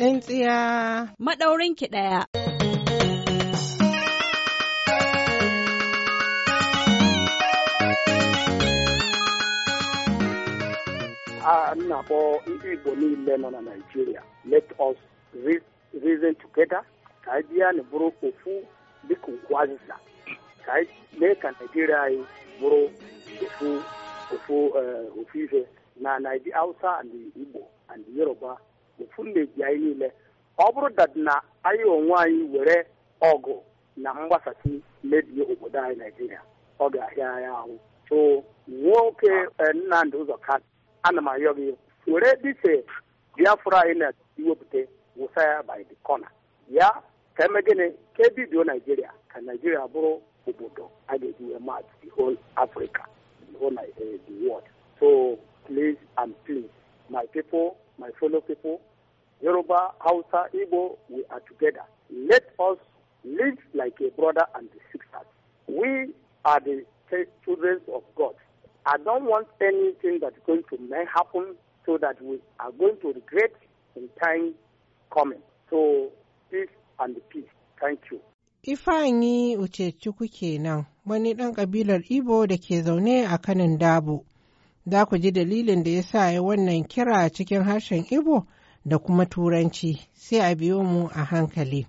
Ɗan tsiya. Maɗaurin ki ɗaya. nna kpọ ndị Igbo niile nọ na Naịjirịa let us reason together ka anyị bịa eh, na bụrụ ofu dịka ukwu azịza ka anyị mee ka Naịjirịa anyị bụrụ ofu ofu ofu na Naịjirịa Hausa and Igbo and Yoruba efu mmebi anyị niile ọ bụrụ dadina anyị onwe anyị were ọgụ na mgbasasị mebie obodo anyị naijiria ọ ga-ahịa anyị ahụ so nwoke e, nnamdị ụzọ ka ana m ayọ gị were dịse biafra anyị na-ewepụta wụsa ya by the corner ya ka eme gịnị ka ebidio naijiria ka naijiria bụrụ obodo a ga-eji wee mat the whole africa the whole eh, the world so please and please my people my fellow people Yoruba, Hausa, Igbo, we are together. Let us live like a brother and a sister. We are the children of God. I don't want anything that's going to may happen so that we are going to regret in time coming. So peace and peace. Thank you. Ifanyi Uchechukwu kenan wani ɗan ƙabilar Igbo da ke zaune a kanin Dabo. Za ku ji dalilin da ya sa ya wannan kira cikin harshen Igbo da kuma turanci sai a biyo mu a hankali.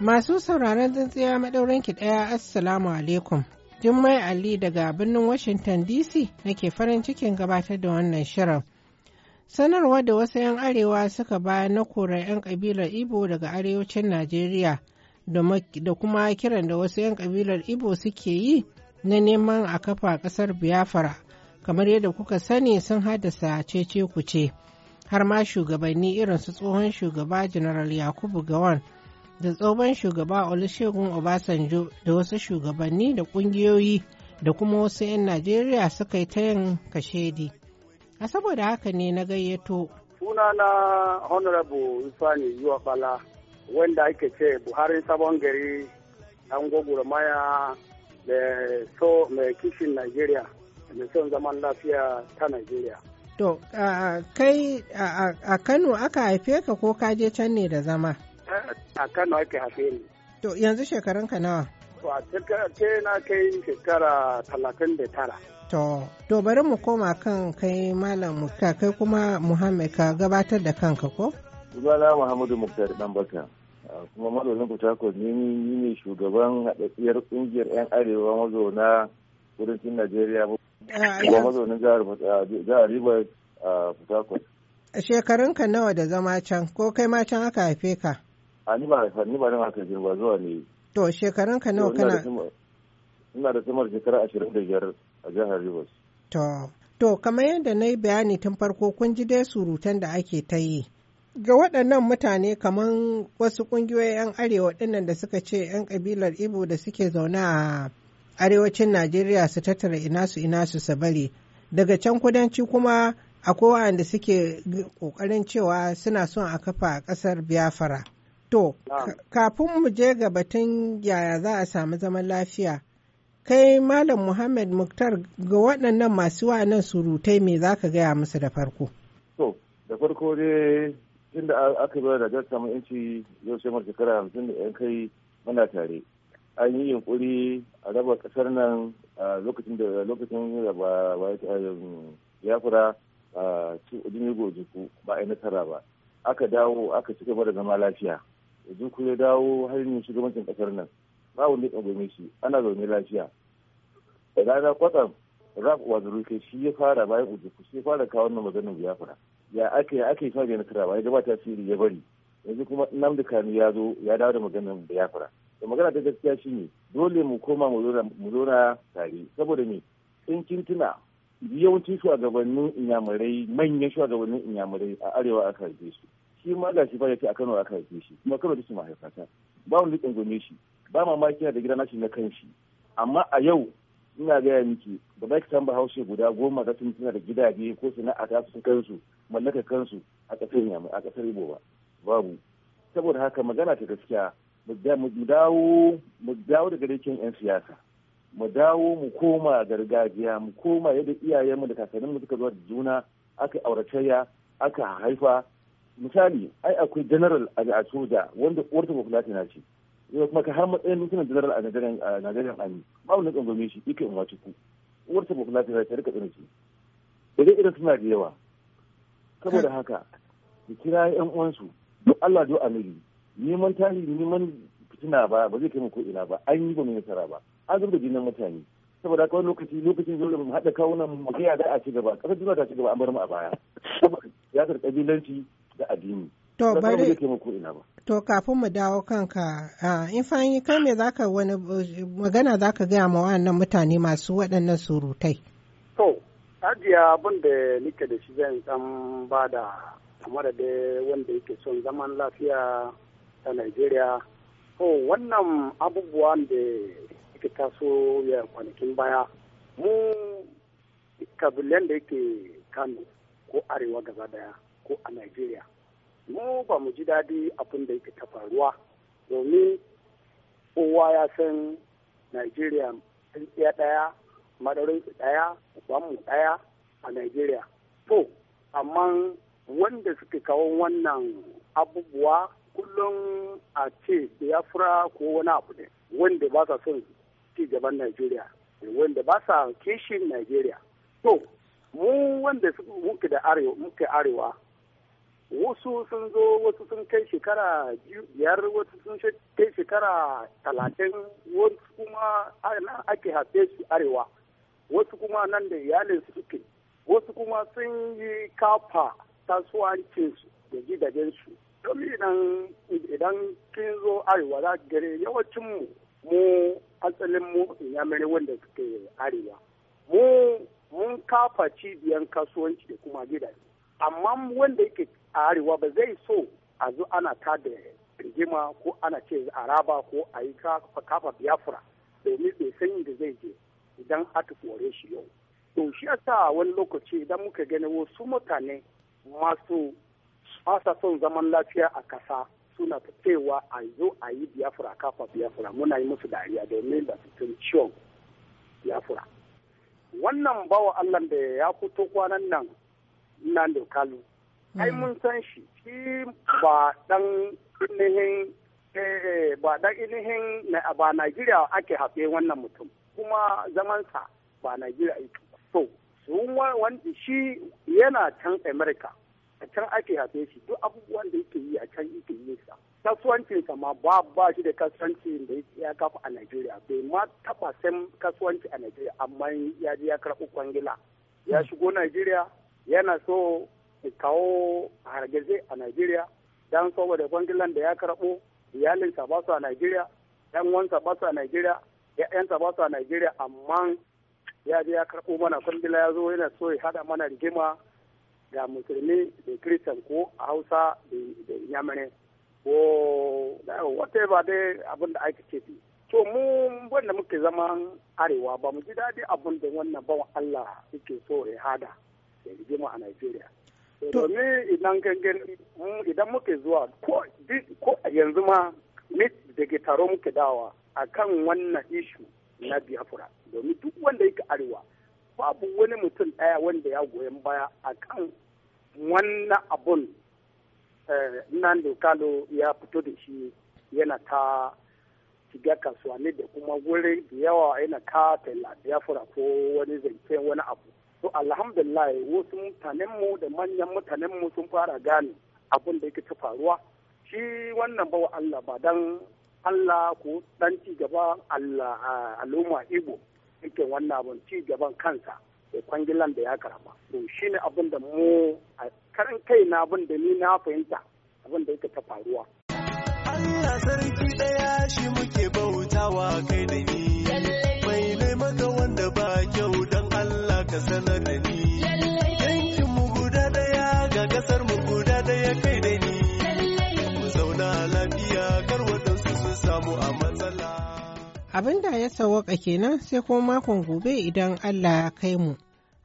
Masu sauraron tsintsiya ki ɗaya Assalamu alaikum. Jummai Ali daga birnin Washington DC nake farin cikin gabatar da wannan shirin. sanarwar da wasu 'yan arewa suka ba na kora 'yan kabilar ibo daga arewacin najeriya da kuma kiran da wasu 'yan kabilar ibo suke yi na neman a kafa kasar biafra kamar yadda kuka sani sun haddasa cece ce. har ma shugabanni irin su tsohon shugaba general yakubu gawan da tsohon shugaba olusegun obasanjo da wasu shugabanni da kungiyoyi da kuma wasu 'yan najeriya suka yi ta yin kashedi. A saboda haka ne na gayyato. na Honorable Ifani bala wanda ake ce Buhari sabon gari ɗan maya da so mai kishin Najeriya da son zaman lafiya ta Najeriya. To, kai a Kano aka haife ka ko ka je can ne da zama? A Kano aka haife ni. To, yanzu shekarunka nawa? To, a na kai shekara talatin da tara. To, to bari mu koma kan kai Malam Mukta kai kuma Muhammad ka gabatar da kanka ko? Sunana Muhammadu Muktar dan baka. Kuma mazaunin Fitako ni ne shugaban haɗaɗɗiyar ƙungiyar 'yan arewa mazauna kudancin Najeriya kuma mazaunin jihar Rivers a Shekarun Shekarunka nawa da zama can ko kai ma can aka haife ka? A ni ba haifa ni ba nan aka haife zuwa ne. To shekarunka nawa kana? Ina da samar shekara ashirin da biyar a jihar Rivers. To, kamar yadda na yi bayani tun farko kun ji dai surutan da ake ta yi. Ga waɗannan mutane kamar wasu ƙungiyoyin 'yan arewa ɗinnan da suka ce 'yan ƙabilar Ibo da suke zaune a arewacin Najeriya su tattara ina su ina su bari, Daga can kudanci kuma akwai waɗanda suke ƙoƙarin cewa suna son a kafa a ƙasar Biafra. To, kafin mu je ga batun yaya za a samu zaman lafiya, kai malam muhammad muktar ga waɗannan masu wa'annan surutai me za ka gaya musu da farko to da farko dai tunda aka zo da gasa mai yanci yau sai shekara hamsin da yan kai muna tare an yi yunkuri a raba kasar nan a lokacin da lokacin da ba ya fura a cikin jiku ba a yi nasara ba aka dawo aka ci gaba da zama lafiya jiku ya dawo har yin shugabancin kasar nan ba wanda ɗan shi ana zaune lafiya da rana kwatsam rap waziruke shi ya fara bayan ujuku shi ya fara kawo wannan maganar biyafra ya ake ya ake fara nasara ba ya gabata tasiri ya bari yanzu kuma namdi kanu ya zo ya dawo da maganar biyafra da magana ta gaskiya shine dole mu koma mu zauna tare saboda me sun kin tuna yawancin shugabannin inyamurai manyan shugabannin inyamurai a arewa aka haife su shi ma ga shi ya ce a Kano aka haife shi kuma Kano su mahaifata ba mu rikin gome shi ba mamaki da gida nashi na kan shi amma a yau ina gaya miki ba za ki san bahaushe guda goma za su suna da gidaje ko sana'a ta su kansu mallaka kansu a ƙasar yamma a ƙasar ibo ba babu saboda haka magana ta gaskiya mu dawo mu dawo daga rikin yan siyasa mu dawo mu koma gargajiya mu koma yadda iyayenmu da mu suka zo da juna aka auratayya aka haifa misali ai akwai general a soja wanda uwarta ba ce yau kuma ka har matsayin mutumin general a Najeriya Ami babu na tsangwame shi ike in wace ku uwar ta bukula ta ta rika tsirin shi dare suna da yawa saboda haka ki kira yan uwansu duk Allah do amiri neman tarihi neman fitina ba ba zai kai mu ko ina ba an yi gwamnati nasara ba an zuba jinin mutane saboda haka wani lokaci lokacin da mu haɗa kawunan mu kai da a ci gaba ƙasar duniya ta ci gaba an bar mu a baya saboda siyasar kabilanci da addini To bari To kafin mu dawo kanka in fahimci kai me zaka wani magana zaka gaya ma wa'annan mutane masu waɗannan surutai. To ajiya abin da nike da shi zan dan bada kamar da dai wanda yake son zaman lafiya ta Najeriya. To wannan abubuwan da yake taso ya kwanakin baya mu kabilan da yake Kano ko Arewa gaba daya ko a Najeriya. ba mu ji daɗi abin da yake ta faruwa domin kowa ya san najeriya tsintsiya ɗaya madarin ɗaya ubanmu ɗaya a najeriya to amma wanda suke kawo wannan abubuwa kullum a ce biafra ko wani abu ne wanda ba sa son ci gaban najeriya wanda ba sa kishin najeriya to mu wanda muke da arewa wasu sun zo wasu sun kai shekara biyar wasu sun kai shekara talatin wasu kuma nan ake hafe su arewa wasu kuma nan da iyalinsu suke wasu kuma sun yi kafa su da gidajensu domin idan idan kin zo arewa za gare yawancin mu mu ya inyamiri wanda suke arewa mu mun kafa cibiyan kasuwanci da kuma gidaje amma wanda yake a arewa ba zai so a zo ana ta da rigima ko ana ce araba ko a yi kafa biafra domin bai san da zai je idan aka kore shi yau to shi sa wani lokaci idan muka gani wasu mutane masu fasa son zaman lafiya a kasa suna fitewa a zo a yi biafra kafa biafra muna yi musu dariya domin da su tun ciwon biafra. wannan bawa allah da ya fito kwanan nan nan da kalu ai hmm. mun san shi shi ba dan ainihin eh, ba dan ainihin ba Najeriya ake hafe wannan mutum kuma zamansa ba Najeriya yake so wanda shi yana can America a can ake hafe shi duk abubuwan da yake yi a can yake yi sa kasuwancinsa ma ba ba shi da kasuwanci da ya kafa a Najeriya bai ma taba san kasuwanci a Najeriya amma ya je ya karɓi kwangila ya hmm. shigo Najeriya yana so kawo hargitsi a Najeriya dan saboda kwangilan da ya karɓo iyalinsa ba su a Najeriya yan wansa ba su a Najeriya ya'yansa ba su a Najeriya amma ya je ya karbo mana kwangila ya zo yana so ya hada mana rigima ga musulmi da kiristan ko a hausa da yamane ko whatever dai abin da ake ce to mu wanda muke zaman arewa ba mu ji daɗi abin da wannan bawan Allah yake so ya hada da rigima a Najeriya. domin idan gangan idan muke zuwa ko yanzu ma ke taro muke dawa a kan wannan ishu na biafra domin duk wanda yake arewa babu wani mutum daya wanda ya goyon baya a kan wannan abun eh, nan dokalo ya fito da shi yana ta shiga kasuwanni da kuma wuri da yawa yana ka biafra ko wani zancen wani abu to alhamdulillah wasu mutanenmu da manyan mutanenmu sun fara gane abin da yake ta faruwa shi wannan bawa Allah ba dan Allah ko dan ci gaba Allah al'umma Igbo yake wannan abin ci gaban kansa da kwangilan da ya karama to shine abin da mu a karan kai na abin da ni na fahimta abin da yake ta faruwa Allah sarki daya shi muke bautawa kai da ni ka ga kasar mu guda daya a matsala abin da ya sawaƙa kenan sai kuma makon gobe idan Allah ya kai mu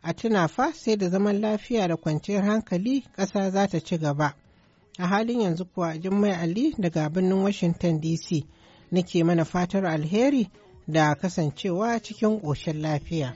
a tuna fa sai da zaman lafiya da kwanciyar hankali ƙasa za ta ci gaba a halin yanzu kuwa jummai ali daga birnin washington dc nake mana fatar alheri da kasancewa cikin ƙoshin lafiya.